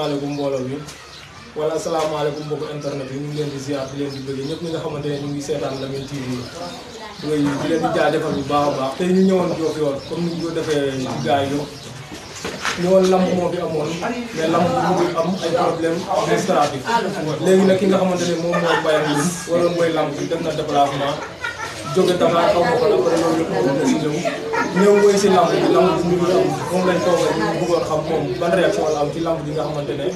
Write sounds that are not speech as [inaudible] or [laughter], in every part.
asalaamaaleykum mbooloo bi wala asalaamaaleykum mbokku internet yi ñu ngi leen di ziar di leen di ñëpp ñi nga xamante ne ñu ngi seetaan Lamyn TV di leen di jaajëfal bu baax a baax tey ñu ñëwoon Diofior comme ni ñu ko defee ci gaay yo ñëwoon lamb moo fi amoon mais lamb bi mu ngi am ay problème administratif léegi nag ki nga xamante ne moom mooy Mbaye Ndour waroon mooy lamb bi def na déplacement jóge Dakar xaw ma ko après loolu yëpp moom la décision ñëw wéy si lamb bi lamb bi mujjul am moom lañ toogee ñu bëggoon xam moom ban réaction la am ci lamb bi nga xamante ne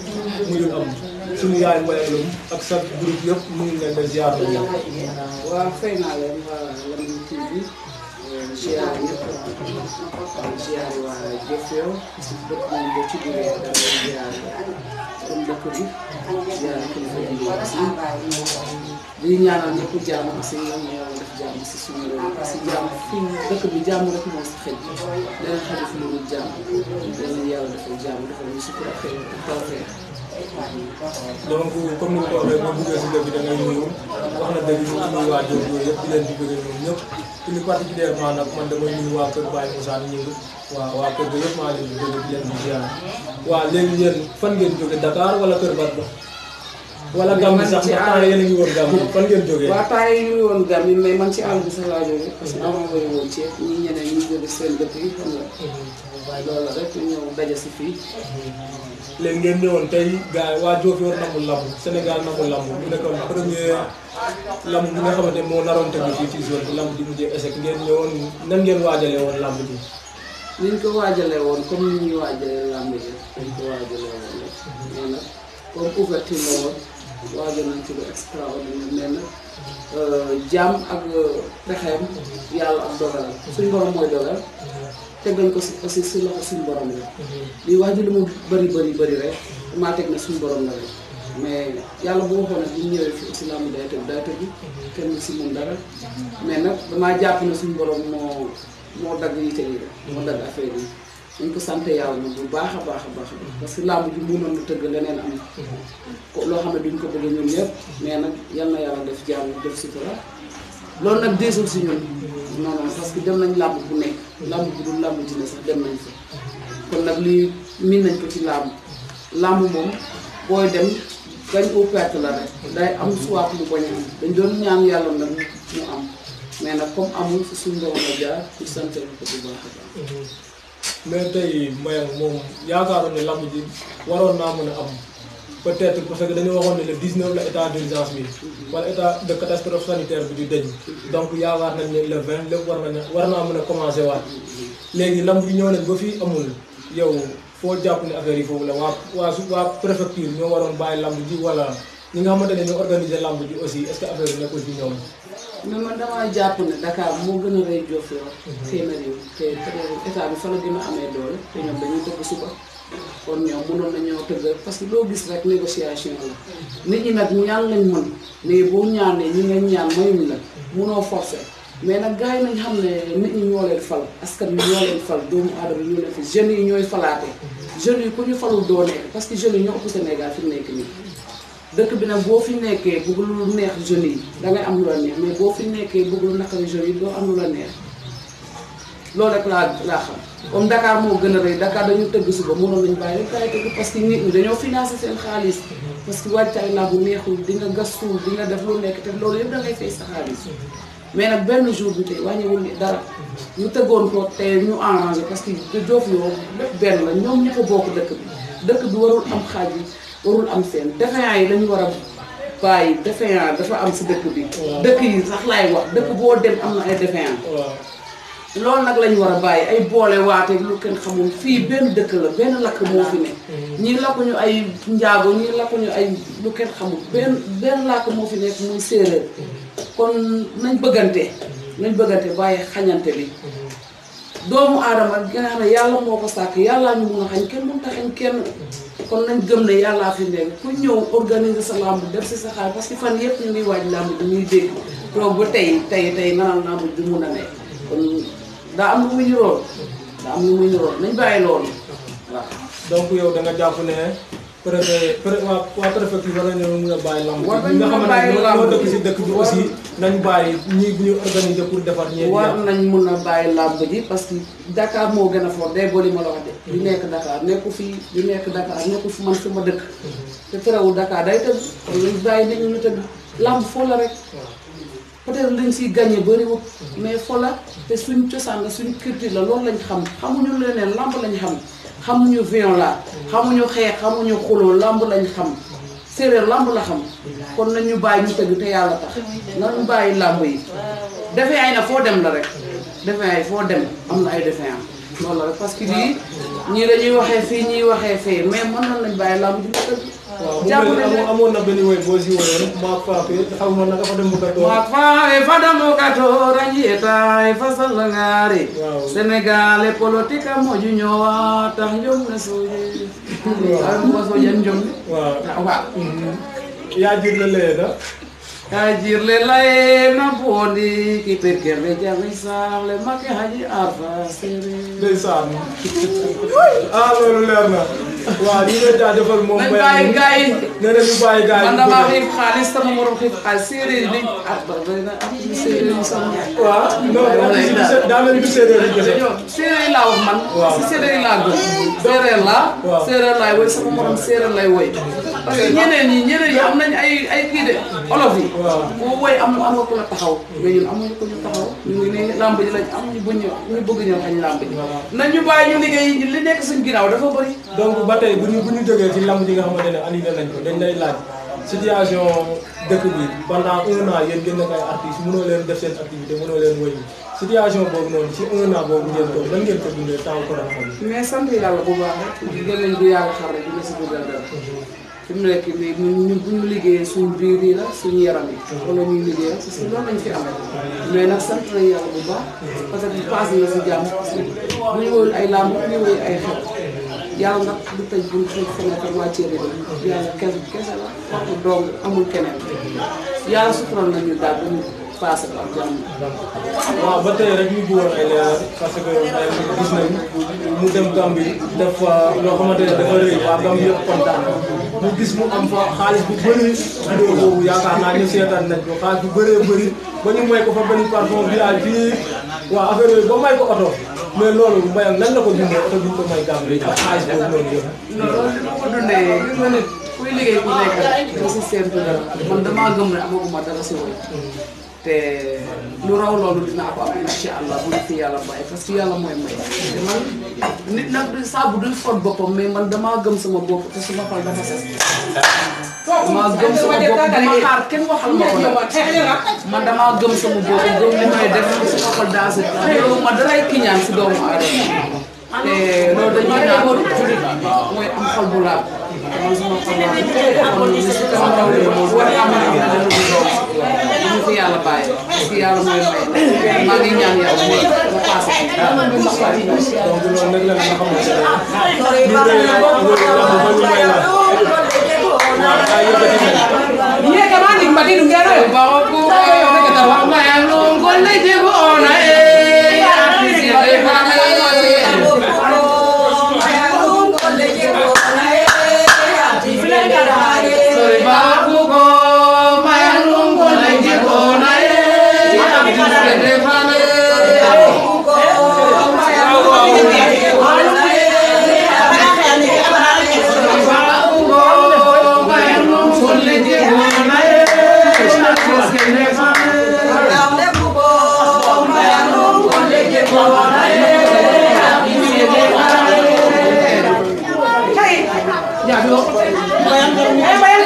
mujjul am suñu yaay mbayaloon ak sa groupe yëpp mu ngi leen di ziar loolu. waaw fay naa leen waa Lamyn TV euh, ziar ñëpp ziar waa Jokal dëkk moom ba ci biir ziar comme dëkk bi ziar kilifa yi di ñaanal ñëpp jàmm si ñoom yàlla def jàmm si suñu réew si jàmm fi dëkk bi jàmm rek moo si xëj dana xëj fi lu dul jàmm dana yàlla defal jàmm defal ñu sutura ak tawfeex donc comme ni nga ko waxee boo duggee si dëkk bi da ngay nuyu wax na dëgg ñu nuyu waa Diop yooyu yëpp di leen di bëggee ñoom ñëpp plus particulièrement nag man damay nuyu waa kër Baye Moussa Ngingue waaw waa kër ga yëpp maa leen di bëgg di leen di ziar waaw léegi yéen fan ngeen jóge Dakar wala kër Barba wala gàmm sax ndax temps yéen a ngi woon gàmm fan ngeen jógee. waaw temps yi ñu ngi woon gàmm mais man ci àll bi sax laa jógee. parce que mm-hmm. amoo bëri woon ceeb ñi ñeneen ñu jóge seen dëkk yi xam nga. waaye mm-hmm. loolu rek ñëw daje si fii. Mm-hmm. léegi ngeen ñëwoon tey gars yi waa Diofior namul lamb Sénégal namul lamb mu nekkoon premier lamb bi nga xamante moo naroon tegu fii ci zone bi lamb di mujjee échec ngeen ñëwoon nan ngeen waajalee woon lamb bi. ni ñu ko waajalee woon comme ni ñuy waajalee lamb bi dañ ko waajalee woon rek. mais nag comme ouverture la woon. waajo nañ ci lu extraordinaire nee na jaam ak euh, pexeem yàlla ak dogalam suñ borom mooy dogal teg ko aussi si loxo suñ borom la lii wax ji lu mu bëri bëri bëri rek maa teg na suñ borom la rek mais yàlla bu waxoon si mun mais nag damaa jàpp ne suñ borom moo moo dagg yite yi rek moo dagg affaire yi dañ ko sant yàlla bu baax a baax a baax parce que làmb ji mënoon na tëgg leneen am ko loo xam ne duñ ko bëgg ñun ñëpp mais nag yal na yàlla def jàmm def sutura loolu nag deesul si ñun non que dem nañ làmb bu nekk làmb bu dul làmb dina sax dem nañ fa kon nag lii miin nañ ko ci làmb làmb moom booy dem bañ ko perte la rek am suwaat mu bañ am dañ doon ñaan yàlla nag mu am mais nag comme amul fi suñ borom la jaar pour sant bu baax a baax mais tey Mbayang moom yaakaaroon ne lamb ji waroon naa mën a am peut-être parce que dañu waxoon ne le 19 la état d'urgence bi wala état de catastrophe sanitaire bi di deñ donc yaakaar nañ ne le 20 lépp war nañ war naa mën a commencé waat léegi lamb bi ñëw nañ ba fii amul yow foo jàpp ne affaire yi foofu la waa waa waa préfecture ñoo waroon bàyyi lamb ji wala ñi nga xamante ne ñu organiser lamb ji aussi est-ce que affaire bi nekkul ci ñoom. mais man damaa jàpp ne mhm. bi fa la gën a te ñoom dañuy tëgg suba. kon ñoom mënoon nañoo tëgg parce que loo gis rek négociation la mhm. nit ñi nag yàlla lañ mën mais boo ñaanee ñi nga ñaan mayuñ la mënoo forcer mais nag gars yi nañ xam ne nit ñi ñoo leen fal askan bi ñoo leen fal doomu aadama ñoo leen yi ñooy falaate mhm. jeunes yi ku ñu falul doonee parce que jeunes yi ñoo ëpp Sénégal fi mu nekk nii. dëkk bi nag boo fi nekkee bëgg lu neex jeunes yi da ngay am lu la neex mais boo fi nekkee bëgg nakari naqari jeunes yi doo am lu la neex loolu rek laa laa xam comme Dakar moo gën a rëy Dakar dañu tëgg suba mënoon nañu bàyyi rek kaay tëgg parce que nit ñi dañoo financé seen xaalis parce que wàccaay laa bu neexul di nga gas di nga def lu nekk te loolu yëpp da ngay fay sa xaalis mais nag benn jour bi tey wàññiwul dara ñu tëggoon ko te ñu arrangé parce que Diofior lépp benn la ñoom ñi ko bokk dëkk bi dëkk bi warul am xaaj yi warul am seen défaillant yi lañu war a bàyyi défaillant dafa am si dëkk bi. dëkk yi sax laay wax dëkk boo dem am na ay défaillant. loolu nag lañu war a bàyyi ay boole waate lu kenn xamul fii benn dëkk la benn lakk moo fi ne. Mm-hmm. ñii lakkuñu ay njaago ñii lakkuñu ay lu kenn xamul benn benn lakk moo fi ne muy séeréer mm-hmm. kon nañ bëggante. Mm-hmm. nañ bëggante bàyyi xañante bi. doomu aadama gi nga yàlla moo ko sàkk yàllaa ñu mun a xañ kenn mun ta kenn kon nañ gëm ne yàllaa fi nekk ku ñëw organiser sa làmb def si saxaar xaar parce que fan yëpp ñu ngi waaj làmb bi ñuy dégg toog ba tey tey tey nanaan làmb bi mun a nekk kon daa am mu muy nirool daa am lu muy nirool nañ bàyyi loolu waaw donc yow da nga jàpp ne préfet waa waa préfecture war nañu mën a bàyyi lamb. war nañu mën a bàyyi lamb ñoo nañ bàyyi ñii a bàyyi lamb ji parce que Dakar moo gën a fort day boole ma la wax de. di mhm. nekk Dakar nekku fii di nekk Dakar nekku fi man fi dëkk. Mhm. te terewul Dakar day tëdd. bàyyi nañu ñu tëdd lamb foo la rek. peut-être lañ siy gagné bëriwul mais fola te suñ cosaan la suñ culture la loolu lañ xam xamuñu leneen lamb lañ xam xamuñu vion violence xamuñu xee xamuñu xuloo lamb lañ xam séeréer lamb la xam kon nañu bàyyi ñu tëgg te yàlla tax nañu bàyyi lamb yi defe ay na foo dem la rek defe ay foo dem am na ay defe am lool la rek parce que lii ñii dañuy waxee fii ñuy waxee fee mais mën nañ lañ bàyyi lamb ji tëgg jàmm nañ waaw amoon na benn woy boo si woyoon maak faafe xaw ma naka fa dem bu katoo. maak faafe fa dem bu katoo rañeetaay fa ah, mm-hmm. haji arfa sere. ndeysaan [laughs] ah waaw ñu leen daa defal moom. nañ bàyyi gars yi nee na ñu bàyyi gars yi. man damaa xiif xaalis sama morom xiif xaalis séeréer yi ah ba na am waaw non daa mel ni séeréer yi kese. laa wax man. waaw si séeréer yi laa gën. séeréer laa. waaw séeréer laay woy sama morom séeréer lay woy. parce que ñeneen ñi ñeneen ñi am nañ ay ay kii de olof yi. waaw woy am ko la taxaw. mais ñun ko ñu taxaw ñu ngi lañ am ñu bëgg ñëw ñu bëgg ñëw xañ nañ ñu bàyyi ñu liggéey li nekk ginnaaw dafa bëri donc tey bu ñu bu ñu jógee ci lamb ji nga xamante ne annulé nañ ko dañ lay laaj situation dëkk bi pendant un an yéen ngeen nekk ay artistes mënoo leen def seen activité mënoo leen wëy situation boobu noonu ci un an boobu ngeen ko lan ngeen ko dundee bi. mais sant yàlla bu baax rek. di leen du yàlla xam rek dina si dugal dara. fi mu nekk nii ñun bu ñu liggéeyee suñu biir yi la suñu yaram yi. wala ñuy liggéeyal parce que loolu lañ fi amee. mais nag sant nañ yàlla bu baax. parce que passé na si jàmm. bu ñu woon ay làmb bu ñu woon ay xew. yàlla nag lu tëj bu ñu fenêtre wàccee réew yàlla kese kese la waxu doom amul keneen yàlla sutural nañu parce que gis nañ mu dem Gambie def fa loo xamante ne dafa rëy waa Gambie yëpp kontaan mu gis mu am fa xaalis bu bëri vidéo boobu yaakaar naa ni seetaan nañ ko xaalis bu bëree bëri ba ñu may ko fa benn parfum village bi waa affaire yooyu ba may ko oto mais loolu mayam lan la ko dundee oto bi may gàmm ak noonu loolu ma ko dundee gis nga nit kuy liggéey ku nekk da si séntu dara man damaa gëm ne te lu raw loolu dinaa ko am incha allah bu ñu yàlla bàyyi parce que yàlla mooy may nit nag saabu dul fot boppam mais man damaa gëm sama bopp te suma xol dafa ses ma gëm sama bopp dama xaar kenn waxal ma ko man dama gëm sama bopp gëm li may def sama xol daa sa loolu ma daray kiñaan si doomu aadama te loolu dañuy naan julit mooy am xol bu laab man sama xol laab kon li si kanam raw li moom war naa mën a am leneen lu doom ñu ko yàlla bàyyi parce que yàlla mooy may maa ngi ñaan yàlla mooy mu passé donc loolu nag la nga xamante ne ñu ngi lay wax ñu ngi lay wax ba ñu may laaj Iya, kemana? Mbak Dinung, dia ada. Bawa aku, kita lama nunggu, dạ được em em